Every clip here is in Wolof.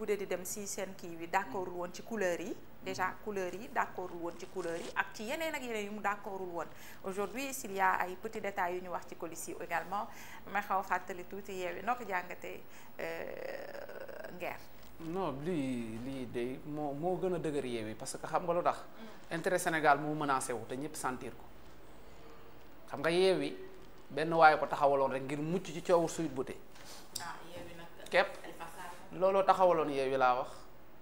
bu dee di dem si seen kii bi d'accordul woon ci couleur yi déjà mm-hmm. couleur yi d'accordul woon ci couleur yi ak ci yeneen ak yeneen yu mu d'accordul woon aujourd'hui s'il y a ay petits détails yu ñu wax ci colis yi également ma xaw fàttali tuuti yeewi noo ko jàngatee euh, ngeer non lii lii day moo moo gën a dëgër yeewi parce que xam nga lu tax mm. intérêt Sénégal moo menacé wu te ñëpp santiir ko xam nga yeewi benn waaye ko taxawaloon rek ngir mucc ci coowu Sweet Beauté ah, looloo taxawaloon yeewi laa wax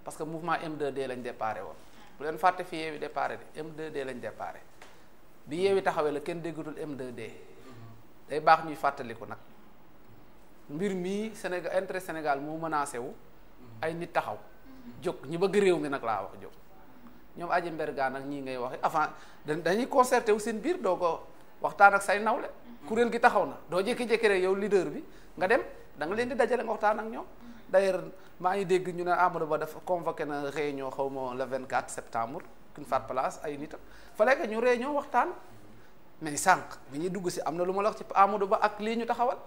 parce que mouvement m 2 lañ déparé woon bu leen fàtte fi yeewi déparé de M2D bi déparé yi taxawee la kenn déggatul m day baax ñuy fàttaliku nag mbir mii Sénégal intérêt Sénégal mu menacé wu ay nit taxaw jóg ñi bëgg réew mi nag laa wax jóg ñoom aji mbergaan ak ñii ngay waxe avant dañuy concerté wu seen biir doo ko waxtaan ak say nawle mm-hmm. kuréel gi taxaw na doo jékki-jékki rek yow leader bi nga dem da leen di dajale waxtaan ak ñoom d'ailleurs maa ngi dégg ñu ne Amadou Ba dafa convoqué na réunion xaw ma vingt 24 septembre kuñ faat place ay nitam fa que ñu réunion waxtaan mais sànq bi ñuy dugg si am na lu ma la wax ci Ba ak lii ñu taxawal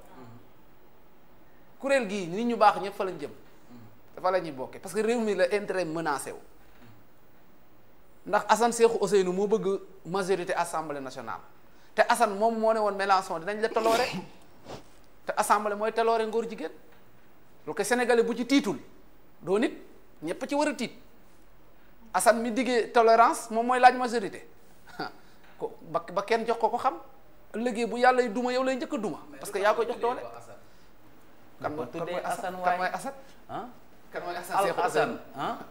kuréel gii nit ñu baax ñëpp fa lañ jëm dafa la ñuy bokkee parce que réew mi la mën menacé wu ndax Assane Seexu nu moo bëgg majorité assemblée national te Assane moom moo ne woon Mélenchon dinañ la toloore te assemblée mooy toloore ngóor jigéen lu ko sénégalais bu ci tiitul doo nit ñëpp ci war a tiit Assane mi diggee tolérance moom mooy laaj majorité ko ba ba kenn jox ko ko xam ëllëgee bu yàlla duma yow lay njëkk a duma parce que yaa koy jox doole. kan mooy kan mooy Assane kan mooy Assane. kan mooy Assane Seexu Ousseynou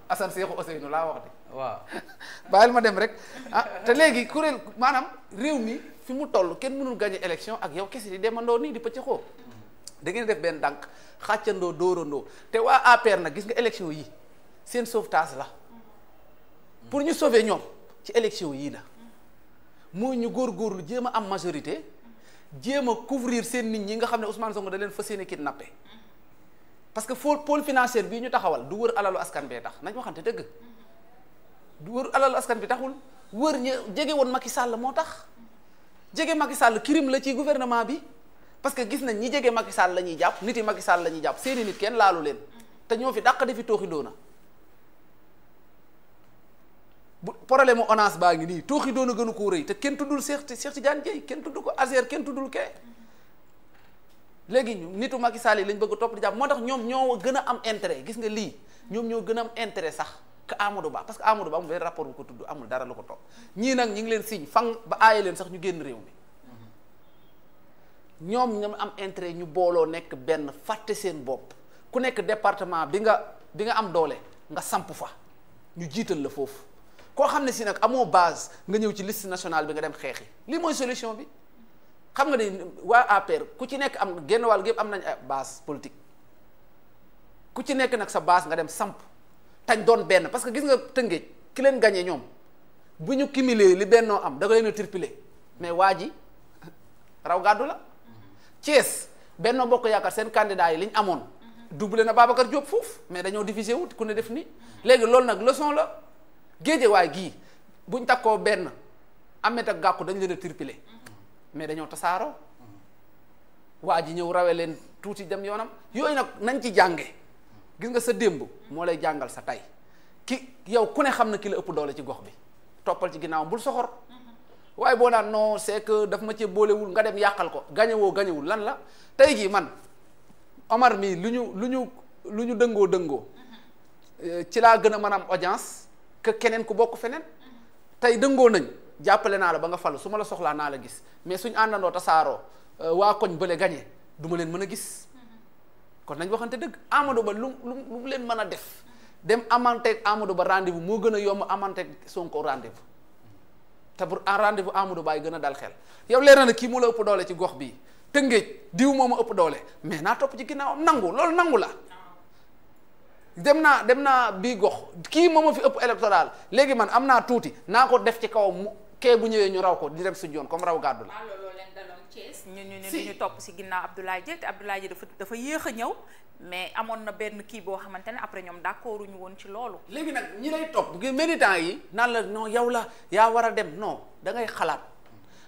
Assane Seexu laa wax de. waaw bàyyil ma dem rek ah te léegi kuréel maanaam réew mi fi mu toll kenn mënul gagné élection ak yow kese di demandoo nii di pëcc xoo da ngeen def benn dànk xàccandoo dóorandoo te waa APR na gis nga élection yi seen sauvetage la pour ñu sauver ñoom ci élection yii la mooy ñu góorgóorlu jéem a am majorité jéem a couvrir seen nit ñi nga xam ne Ousmane Sonko da leen fas yéene kidnappé parce que foo pool financier bii ñu taxawal du wër alalu askan bee tax nañ waxante dëgg du wër alalu askan bi taxul wër jege woon Macky sàll moo tax jege Macky sàll crime la ci gouvernement bi. parce que gis nañ ñi jege Macky Sall la jàpp nit yi Macky Sall la ñuy jàpp seeni nit kenn laalu leen te ñoo fi dàq defi tooxi doona bu problème mu baa ngi nii tooxi doona gënu ko rëy te kenn tuddul Cheikh Cheikh Tidiane Dièye kenn tudd ko Azer kenn tuddul kee léegi nitu Macky Sall yi lañ bëgg topp di jàpp moo tax ñoom ñoo gën a am intérêt gis nga lii ñoom ñoo gën a am intérêt sax que Amadou Ba parce que Amadou Ba amul benn rapport bu ko tudd amul dara lu ko topp ñii nag ñi ngi leen signe fang ba aaye leen sax ñu génn réew mi ñoom mu am intérêt ñu booloo nekk benn fàtte seen bopp ku nekk département bi nga bi nga am doole nga samp fa ñu jiital la foofu koo xam ne si nag amoo base nga ñëw ci list nationale bi nga dem xeexi li mooy solution bi xam nga ne waa APR ku ci nekk am genn wàll gi am nañ eh, base politique ku ci nekk nag sa base nga dem samp tañ doon benn parce que gis nga tëngéej ki leen gañee ñoom bu ñu cumulé li bennoo am da nga leen a tirpilé mais waa ji raw gàddu la Thiès Benno Bokk Yaakaar seen candidat yi li ñu amoon doublé na Babacar Diop foofu mais dañoo divisé wut ku ne def nii léegi loolu nag leçon la géejewaay gii buñ takkoo benn amet ak gàkku dañ leen a turpilé mais dañoo tasaaroo waa ji ñëw rawe leen tuuti dem yoonam yooyu nag nañ ci jànge gis nga sa démb moo lay jàngal sa tey ki yow ku ne xam na ki la ëpp doole ci gox bi toppal ci ginnaaw bul soxor waaye boo naan noo c'est que daf ma ci boolewul nga dem yàqal ko gañewoo gañewul lan la tey jii man Omar mii lu ñu lu ñu lu ñu dëngoo dëngoo euh, ci laa gën a mën audience que keneen ku bokk feneen tey dëngoo nañ jàppale naa la ba nga falu su ma la soxlaa naa la gis mais suñu àndandoo tasaaroo euh, waa koñ bële gañe du ma leen mën a gis kon nañ waxante dëgg Amadou Ba lu lu leen mën a def dem amanteeg Amadou Ba rendez-vous moo gën a yomb amanteeg Sonko rendez te pour en rendez-vous Amadou gën a dal xel yow leer na kii mu la ëpp doole ci gox bii tëngéej diw moom a ëpp doole mais naa topp ci ginnaawam nangu loolu nangu la. dem naa dem naa bii gox kii moom a fi ëpp électoral léegi man am naa tuuti naa ko def ci kawam mu kee bu ñëwee ñu raw ko di dem suñu yoon comme raw gàddu la. Ah, Thiès ñu ñu ñu topp si ginnaaw Abdoulaye Dieng te Abdoulaye Dieng dafa dafa yéex a ñëw mais amoon na benn kii boo xamante ne après ñoom d'accord ñu woon ci loolu léegi nag ñi lay topp bu militant yi naan la noo yow la yaa war a dem noo da ngay xalaat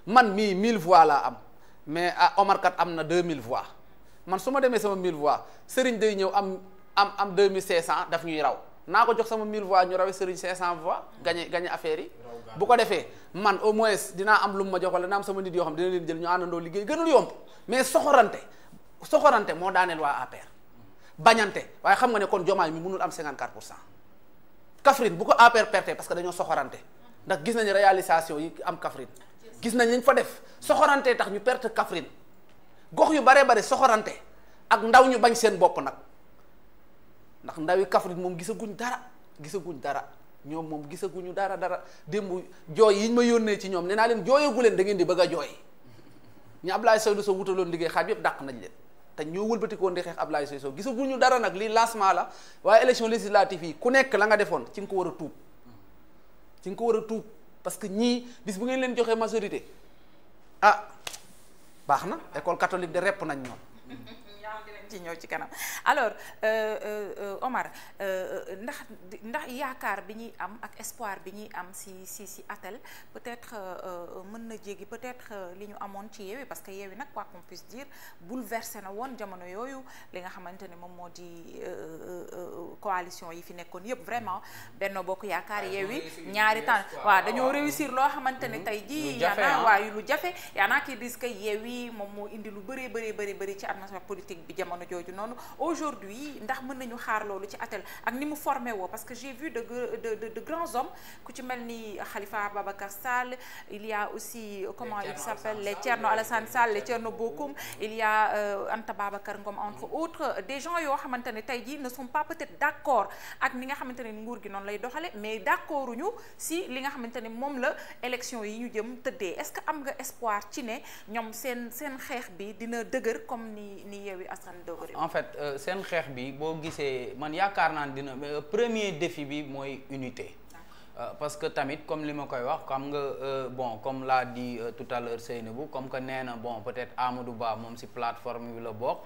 man mii mille voix laa am mais ah Omar am na deux mille voix man su ma demee sama mille voix Serigne day ñëw am am am deux mille cinq cent daf ñuy raw naa ko jox sama 1000 voix ñu rawe sëriñ 500 voix gagné gagné affaire yi bu ko defee man au moins dinaa am lu mu ma jox wala dinaa am sama nit yoo xam dina leen jël ñu àndandoo liggéey gënul yomb mais soxorante soxorante moo daaneel waa APR bañante waaye xam nga ne kon jomaay mi mënul am 54 pour cent Kaffrine bu ko APR perte parce que dañoo soxorante ndax gis nañu réalisation yi am Kaffrine gis nañ lañ fa def soxorante tax ñu perte Kaffrine gox yu bare bare soxorante ak ndaw ñu bañ seen bopp nag ndax ndawi Kaffrine moom gisaguñ dara gisaguñ dara ñoom moom gisaguñu dara dara démb jooy yiñ ma yónnee ci ñoom nee naa leen jooyagu leen da ngeen di bëgg a jooy ñu Ablaye Seydou Sow wutaloon liggéey xaaj yëpp daq nañ leen te ñoo wëlbatikoon di xeex Ablaye Seydou Sow gisaguñu dara nag lii lancement la waaye élection législative yi ku nekk la nga defoon ci nga ko war a tuub ci nga ko war a tuub parce que ñii bis bu ngeen leen joxee majorité ah baax na école catholique de repp nañ ñoom ci ñëw ci kanam alors euh, euh, euh, Omar ndax ndax yaakaar bi ñuy am ak espoir bi ñuy am si si si atel peut-être mën na jéggi peut-être li ñu amoon ci yeewi parce que yeewi nag quoi qu'on puisse dire bouleversé na woon jamono yooyu li nga xamante ne moom moo di coalition yi fi nekkoon yëpp vraiment Benno Bokk Yaakaar yeewi ñaari temps waaw dañoo réussir loo xamante ne mm-hmm. tey jii yaanaa waaw lu yeewi moom moo indi lu bëree bëri bëri bëri ci atmosphère politique bi jamono jamono jooju noonu aujourd'hui ndax mën nañu xaar loolu ci atel ak ni mu formé woo parce que j'ai vu de de de, grands hommes ku ci mel ni Khalifa Ababacar Sall il y a aussi comment il s'appelle les Thierno Alassane Sall les Thierno Bokoum il y a euh, Anta Babacar Ngom entre autres euh, des yoo xamante ne tey ne sont pas peut d'accord ak ni nga xamante nguur gi noonu lay doxale mais d'accorduñu si li nga xamante moom la élection yi ñu jëm tëddee est-ce que am nga espoir ci ne ñoom seen seen en fait euh, seen xeex bi boo gisee man yaakaar naa dina euh, premier défi bi mooy unité. Euh, parce que tamit comme li ma koy wax xam nga bon comme l'a di tout à l'heure Seynabou comme que nee na bon peut-être Amadou Ba moom ci plateforme bi la bokk.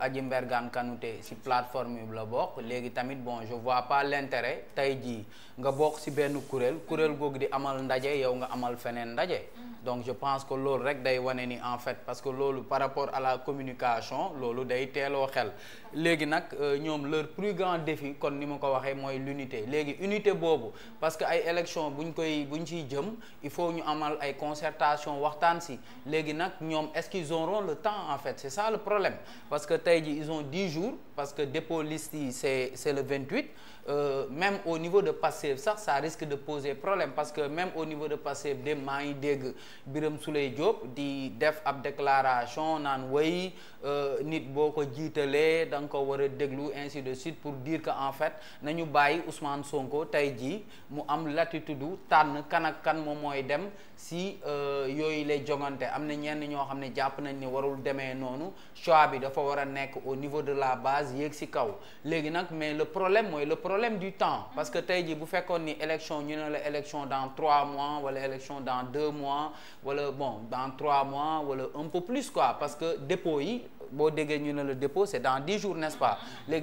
Adji Mbergane Kanouté ci plateforme bi la bokk léegi tamit bon je vois pas l'intérêt tey jii nga bokk ci benn kuréel kuréel googu di amal ndaje yow nga amal feneen ndaje. Mm. donc je pense que loolu rek day wane ni en fait parce que loolu par rapport à la communication loolu day teeloo xel léegi nag euh, ñoom leur plus grand défi kon ni ma ko waxee mooy l'unité léegi unité boobu parce que ay élection buñ koy buñ ci jëm il faut ñu amal ay concertation waxtaan si léegi nag ñoom est-ce qu'ils auront le temps en fait c'est ça le problème parce que tey ji ils ont dix jours parce que dépôt liste yi c'est c'est le 28 euh, même au niveau de Pastef sax que même au niveau de Pastef dem maa ngi dégg Birame Souleye Diop di def ab déclaration naan way euh, nit boo ko jiitalee danga nga ko war a déglu ainsi de suite pour dire que en fait nañu bàyyi Ousmane Sonko tey jii mu am latitude du tànn kan kan moom mooy dem si euh, yooyu lay jongante am na ñenn ñoo xam ne jàpp nañ ni warul demee noonu choix bi dafa war a nekk au niveau de la base yéeg si kaw léegi nag mais le problème mooy le problème du temps parce que tey jii bu fekkoon ni élection ñu ne la élection dans trois mois wala élection dans deux mois wala bon dans trois mois wala un peu plus quoi parce que dépôt yi boo déggee ñu ne le dépôt c'est dans dix jours n'est-ce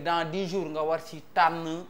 dans dix jours nga war ci tànn